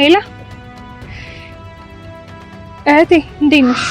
ሄላ እህቴ እንዴት ነሽ?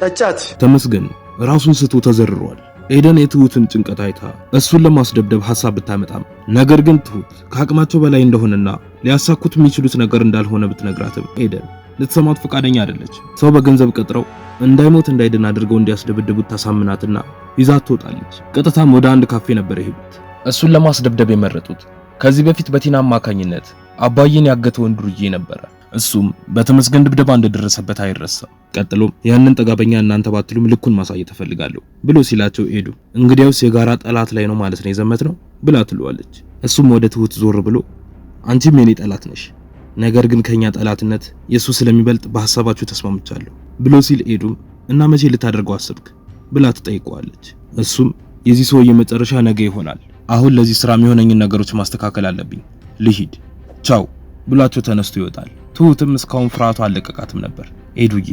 ጠጫት ተመስገን ራሱን ስቶ ተዘርሯል። ኤደን የትሁትን ጭንቀት አይታ እሱን ለማስደብደብ ሐሳብ ብታመጣም ነገር ግን ትሁት ከአቅማቸው በላይ እንደሆነና ሊያሳኩት የሚችሉት ነገር እንዳልሆነ ብትነግራትም ኤደን ልትሰማት ፈቃደኛ አይደለች። ሰው በገንዘብ ቀጥረው እንዳይሞት እንዳይድን አድርገው እንዲያስደበድቡት ታሳምናትና ይዛት ትወጣለች። ቀጥታም ወደ አንድ ካፌ ነበር የሄዱት እሱን ለማስደብደብ የመረጡት። ከዚህ በፊት በቲና አማካኝነት አባዬን ያገተውን ዱርዬ ነበረ። እሱም በተመስገን ድብደባ እንደደረሰበት አይረሳም። ቀጥሎም ያንን ጠጋበኛ እናንተ ባትሉም ልኩን ማሳየት እፈልጋለሁ ብሎ ሲላቸው ሄዱ እንግዲያውስ የጋራ ጠላት ላይ ነው ማለት ነው የዘመት ነው ብላ ትለዋለች። እሱም ወደ ትሁት ዞር ብሎ አንቺም የኔ ጠላት ነሽ፣ ነገር ግን ከኛ ጠላትነት የሱ ስለሚበልጥ በሐሳባችሁ ተስማምቻለሁ ብሎ ሲል ሄዱም እና መቼ ልታደርገው አስብክ ብላ ትጠይቀዋለች። እሱም የዚህ ሰውዬ መጨረሻ ነገ ይሆናል። አሁን ለዚህ ስራ የሚሆነኝን ነገሮች ማስተካከል አለብኝ፣ ልሂድ፣ ቻው ብሏቸው ተነስቶ ይወጣል። ትሁትም እስካሁን ፍርሃቱ አለቀቃትም ነበር። ኤዱዬ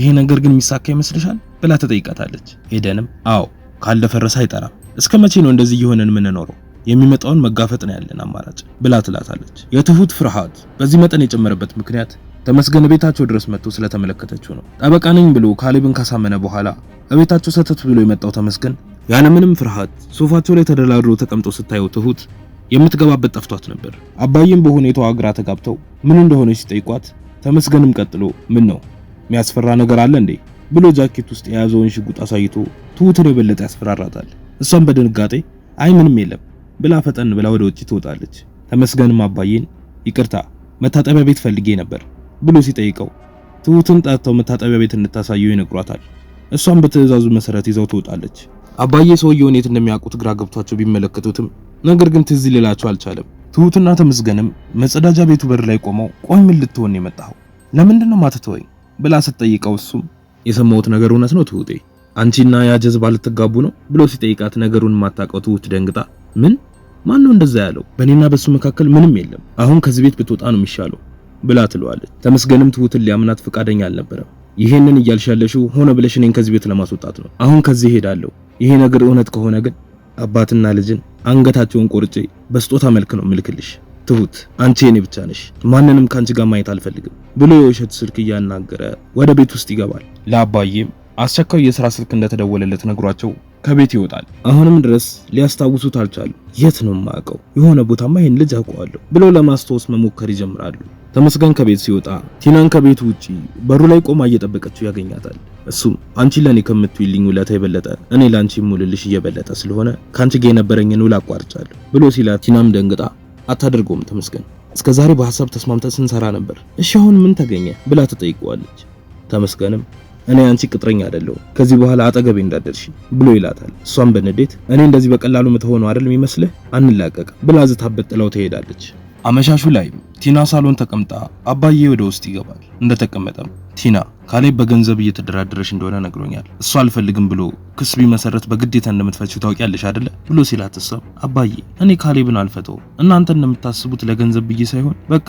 ይሄ ነገር ግን የሚሳካ ይመስልሻል ብላ ተጠይቃታለች። ሄደንም አዎ ካልደፈረሰ አይጠራም እስከ መቼ ነው እንደዚህ እየሆነን የምንኖረው? የሚመጣውን መጋፈጥ ነው ያለን አማራጭ ብላ ትላታለች። የትሁት ፍርሃት በዚህ መጠን የጨመረበት ምክንያት ተመስገን ቤታቸው ድረስ መጥቶ ስለተመለከተችው ነው። ጠበቃ ነኝ ብሎ ካሌብን ካሳመነ በኋላ እቤታቸው ሰተት ብሎ የመጣው ተመስገን ያለምንም ፍርሃት ሶፋቸው ላይ ተደላድሮ ተቀምጦ ስታየው ትሁት የምትገባበት ጠፍቷት ነበር። አባዬም በሁኔታዋ ግራ ተጋብተው ምን እንደሆነ ሲጠይቋት ተመስገንም ቀጥሎ ምን ነው የሚያስፈራ ነገር አለ እንዴ ብሎ ጃኬት ውስጥ የያዘውን ሽጉጥ አሳይቶ ትሁትን የበለጠ ያስፈራራታል። እሷም በድንጋጤ አይ ምንም የለም ብላ ፈጠን ብላ ወደ ውጭ ትወጣለች። ተመስገንም አባዬን ይቅርታ መታጠቢያ ቤት ፈልጌ ነበር ብሎ ሲጠይቀው ትሁትን ጠርተው መታጠቢያ ቤት እንድታሳየው ይነግሯታል። እሷም በትዕዛዙ መሰረት ይዘው ትወጣለች። አባዬ ሰውየውን የት እንደሚያውቁት ግራ ገብቷቸው ቢመለከቱትም ነገር ግን ትዝ ሊላቸው አልቻለም። ትሁትና ተመስገንም መጸዳጃ ቤቱ በር ላይ ቆመው ቆይ ምን ልትሆን የመጣኸው ለምንድን ነው ማትተወኝ ብላ ስትጠይቀው እሱም የሰማሁት ነገር እውነት ነው ትሁቴ አንቺና ያ ጀዝባ ልትጋቡ ነው ብሎ ሲጠይቃት ነገሩን የማታውቀው ትሁት ደንግጣ ምን ማን ነው እንደዛ ያለው በእኔና በሱ መካከል ምንም የለም አሁን ከዚህ ቤት ብትወጣ ነው የሚሻለው ብላ ትለዋለች ተመስገንም ትሁትን ሊያምናት ፈቃደኛ አልነበረም ይሄንን እያልሻለሽው ሆነ ብለሽ እኔን ከዚህ ቤት ለማስወጣት ነው አሁን ከዚህ ሄዳለሁ ይሄ ነገር እውነት ከሆነ ግን አባትና ልጅን አንገታቸውን ቆርጬ በስጦታ መልክ ነው ምልክልሽ። ትሁት አንቺ የኔ ብቻ ነሽ፣ ማንንም ከአንቺ ጋር ማየት አልፈልግም ብሎ የውሸት ስልክ እያናገረ ወደ ቤት ውስጥ ይገባል። ለአባዬም አስቸኳይ የሥራ ስልክ እንደተደወለለት ነግሯቸው ከቤት ይወጣል። አሁንም ድረስ ሊያስታውሱት አልቻሉ። የት ነው የማውቀው? የሆነ ቦታማ ይህን ልጅ አውቀዋለሁ ብሎ ለማስታወስ መሞከር ይጀምራሉ። ተመስገን ከቤት ሲወጣ ቲናን ከቤቱ ውጪ በሩ ላይ ቆማ እየጠበቀችው ያገኛታል። እሱም አንቺ ለኔ ከምትውልኝ ውለታ የበለጠ እኔ ላንቺ ሙልልሽ እየበለጠ ስለሆነ ካንቺ ጋር የነበረኝን ውል አቋርጫለሁ ብሎ ሲላት ቲናም ደንግጣ አታደርገውም ተመስገን እስከ ዛሬ በሐሳብ ተስማምተን ስንሰራ ነበር። እሺ አሁን ምን ተገኘ ብላ ተጠይቀዋለች። ተመስገንም እኔ አንቺ ቅጥረኛ አይደለሁም ከዚህ በኋላ አጠገቤ እንዳደርሽ ብሎ ይላታል። እሷም በንዴት እኔ እንደዚህ በቀላሉ የምትሆነው አይደል የሚመስልህ አንላቀቅ ብላ ዝታበት ጥላው ትሄዳለች። አመሻሹ ላይ ቲና ሳሎን ተቀምጣ አባዬ ወደ ውስጥ ይገባል። እንደተቀመጠም ቲና ካሌብ በገንዘብ እየተደራደረች እንደሆነ ነግሮኛል። እሱ አልፈልግም ብሎ ክስ ቢመሰረት በግዴታ እንደምትፈችው ታውቂያለሽ አይደለ ብሎ ሲላት እሷም አባዬ እኔ ካሌብን አልፈተው፣ እናንተ እንደምታስቡት ለገንዘብ ብዬ ሳይሆን በቃ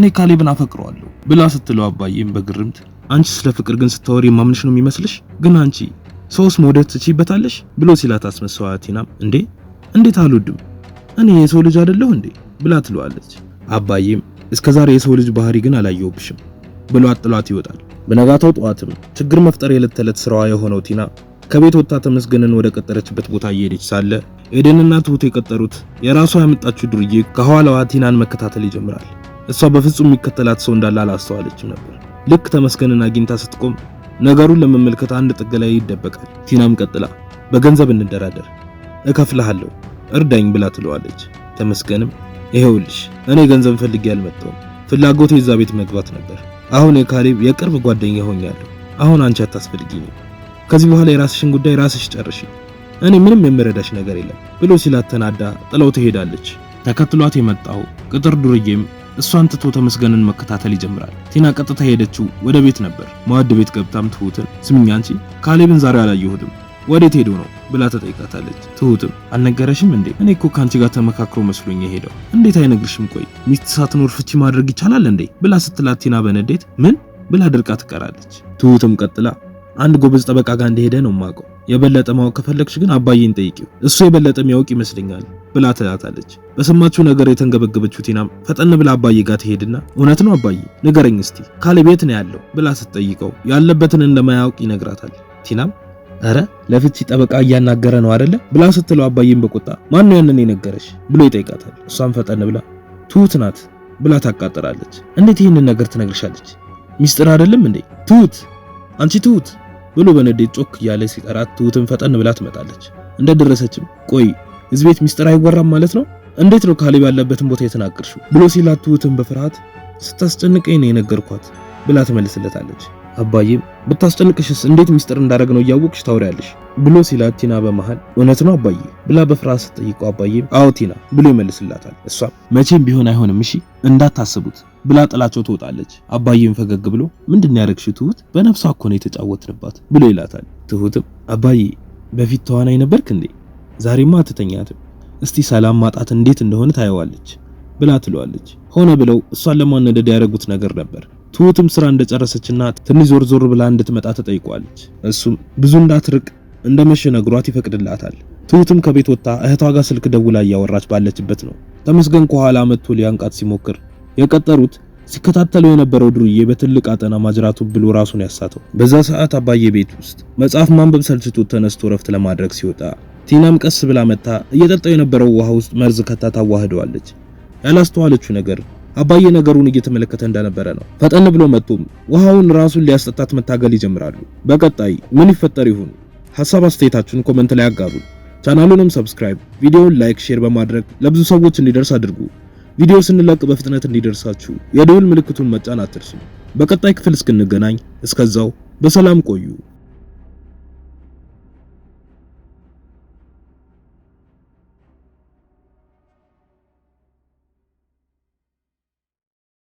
እኔ ካሌብን አፈቅረዋለሁ ብላ ስትለው አባዬም በግርምት አንቺ ስለ ፍቅር ግን ስታወሪ ማምንሽ ነው የሚመስልሽ? ግን አንቺ ሰውስ መውደድ ትችይበታለሽ ብሎ ሲላት አስመስዋ ቲናም እንዴ እንዴት አልወድም እኔ የሰው ልጅ አይደለሁ እንዴ ብላ ትለዋለች። አባዬም እስከዛሬ የሰው ልጅ ባህሪ ግን አላየውብሽም። ብሏት አጥሏት ይወጣል። በነጋታው ጠዋትም ችግር መፍጠር የዕለት ተዕለት ስራዋ የሆነው ቲና ከቤት ወጥታ ተመስገንን ወደ ቀጠረችበት ቦታ እየሄደች ሳለ ኤደንና ትሁት የቀጠሩት የራሷ ያመጣችው ዱርዬ ከኋላዋ ቲናን መከታተል ይጀምራል። እሷ በፍጹም የሚከተላት ሰው እንዳለ አላስተዋለችም ነበር። ልክ ተመስገንን አግኝታ ስትቆም ነገሩን ለመመልከት አንድ ጥግ ላይ ይደበቃል። ቲናም ቀጥላ በገንዘብ እንደራደር፣ እከፍልሃለሁ፣ እርዳኝ ብላ ትለዋለች። ተመስገንም ይሄውልሽ እኔ ገንዘብ ፈልጌ አልመጣሁም፣ ፍላጎቴ እዛ ቤት መግባት ነበር አሁን የካሌብ የቅርብ ጓደኛ ሆኛለሁ። አሁን አንቺ አታስፈልጊኝም። ከዚህ በኋላ የራስሽን ጉዳይ ራስሽ ጨርሽ፣ እኔ ምንም የምረዳሽ ነገር የለም ብሎ ሲላተናዳ ጥለው ትሄዳለች። ተከትሏት የመጣው ቅጥር ዱርዬም እሷን ትቶ ተመስገንን መከታተል ይጀምራል። ቲና ቀጥታ ሄደችው ወደ ቤት ነበር። ማዕድ ቤት ገብታም ትሁትን ስሚኝ፣ አንቺ ካሌብን ዛሬ አላየሁትም ወዴት ሄዶ ነው ብላ ተጠይቃታለች። ትሁትም አልነገረሽም እንዴ? እኔ እኮ ከአንቺ ጋር ተመካክሮ መስሎኝ የሄደው እንዴት አይነግርሽም? ቆይ ሚስት ሳትኖር ፍቺ ማድረግ ይቻላል እንዴ? ብላ ስትላት ቲና በንዴት ምን ብላ ድርቃ ትቀራለች። ትሁትም ቀጥላ አንድ ጎበዝ ጠበቃ ጋር እንደሄደ ነው ማውቀው። የበለጠ ማወቅ ከፈለግሽ ግን አባዬን ጠይቂው፣ እሱ የበለጠ የሚያውቅ ይመስለኛል ብላ ትላታለች። በሰማችው ነገር የተንገበገበችው ቲናም ፈጠን ብላ አባዬ ጋር ትሄድና እውነት ነው አባዬ ንገረኝ እስቲ ካሌብ የት ነው ያለው ብላ ስትጠይቀው ያለበትን እንደማያውቅ ይነግራታል። ቲናም እረ ለፍቺ ጠበቃ እያናገረ ነው አይደለ ብላ ስትለው አባዬም በቁጣ ነው ያንን የነገረሽ ብሎ ይጠይቃታል። እሷም ፈጠን ብላ ትሁት ናት ብላ ታቃጥራለች። እንዴት ይህንን ነገር ትነግርሻለች? ሚስጥር አይደለም እንዴ? ትሁት አንቺ ትሁት ብሎ በንዴት ጮክ እያለ ሲጠራት ትሁትን ፈጠን ብላ ትመጣለች። እንደደረሰችም ቆይ እዚህ ቤት ሚስጥር አይወራም ማለት ነው? እንዴት ነው ካሌብ ያለበትን ቦታ የተናገርሽው? ብሎ ሲላት ትውትን በፍርሃት ስታስጨንቀኝ ነው የነገርኳት ብላ ትመልስለታለች። አባዬም ብታስጨንቅሽስ እንዴት ሚስጥር እንዳደረግ ነው እያወቅሽ ታውሪያለሽ ብሎ ሲላት ቲና በመሃል እውነት ነው አባዬ ብላ በፍርሃት ስትጠይቀው አባዬ አዎ ቲና ብሎ ይመልስላታል። እሷም መቼም ቢሆን አይሆንም እሺ እንዳታስቡት ብላ ጥላቸው ትወጣለች። አባዬም ፈገግ ብሎ ምንድን ያደረግሽ ትሁት በነፍሷ እኮ ነው የተጫወትንባት ብሎ ይላታል። ትሁትም አባዬ በፊት ተዋናይ ነበርክ እንዴ ዛሬማ አትተኛትም እስቲ ሰላም ማጣት እንዴት እንደሆነ ታየዋለች ብላ ትለዋለች። ሆነ ብለው እሷን ለማነደድ ያደረጉት ነገር ነበር። ትሁትም ስራ እንደጨረሰችና ትንሽ ዞር ዞር ብላ እንድትመጣ ተጠይቋለች። እሱም ብዙ እንዳትርቅ እንደመሸ ነግሯት ይፈቅድላታል። ትሁትም ከቤት ወጥታ እህቷ ጋር ስልክ ደውላ እያወራች ባለችበት ነው ተመስገን ከኋላ መጥቶ ሊያንቃት ሲሞክር የቀጠሩት ሲከታተለው የነበረው ዱርዬ በትልቅ አጠና ማጅራቱ ብሎ ራሱን ያሳተው። በዛ ሰዓት አባዬ ቤት ውስጥ መጽሐፍ ማንበብ ሰልችቶ ተነስቶ እረፍት ለማድረግ ሲወጣ ቲናም ቀስ ብላ መጥታ እየጠጣው የነበረው ውሃ ውስጥ መርዝ ከታ ታዋህደዋለች። ያላስተዋለችው ነገር አባዬ ነገሩን እየተመለከተ እንደነበረ ነው። ፈጠን ብሎ መጥቶም ውሃውን ራሱን ሊያስጠጣት መታገል ይጀምራሉ። በቀጣይ ምን ይፈጠር ይሁን? ሀሳብ አስተያየታችሁን ኮመንት ላይ አጋሩ። ቻናሉንም ሰብስክራይብ፣ ቪዲዮውን ላይክ፣ ሼር በማድረግ ለብዙ ሰዎች እንዲደርስ አድርጉ። ቪዲዮ ስንለቅ በፍጥነት እንዲደርሳችሁ የደውል ምልክቱን መጫን አትርሱ። በቀጣይ ክፍል እስክንገናኝ እስከዛው በሰላም ቆዩ።